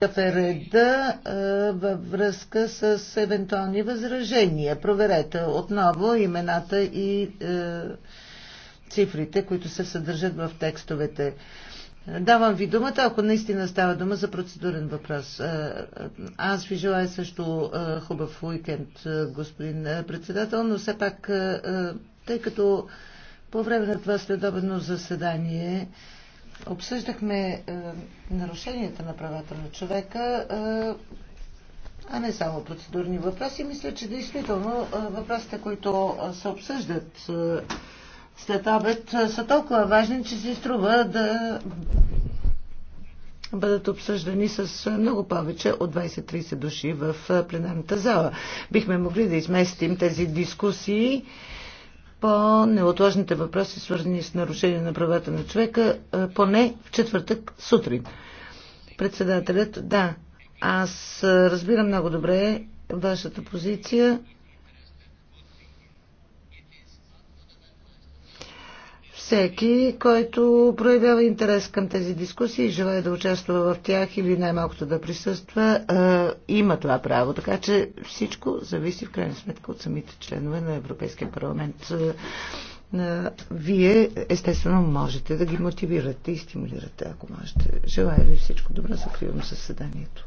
Какъв е реда във връзка с евентуални възражения? Проверете отново имената и е, цифрите, които се съдържат в текстовете. Давам ви думата, ако наистина става дума за процедурен въпрос. Е, е, аз ви желая също хубав уикенд, господин председател, но все пак, тъй като по време на това следобедно заседание обсъждахме е, нарушенията на правата на човека, е, а не само процедурни въпроси. Мисля, че действително е, въпросите, които е, се обсъждат е, след обед, е, са толкова важни, че се струва да бъдат обсъждани с е, много повече от 20-30 души в е, пленарната зала. Бихме могли да изместим тези дискусии по неотложните въпроси, свързани с нарушение на правата на човека, поне в четвъртък сутрин. Председателят, да, аз разбирам много добре вашата позиция. всеки, който проявява интерес към тези дискусии и желая да участва в тях или най-малкото да присъства, има това право. Така че всичко зависи в крайна сметка от самите членове на Европейския парламент. Вие, естествено, можете да ги мотивирате и стимулирате, ако можете. Желая ви всичко добро. Закривам съседанието.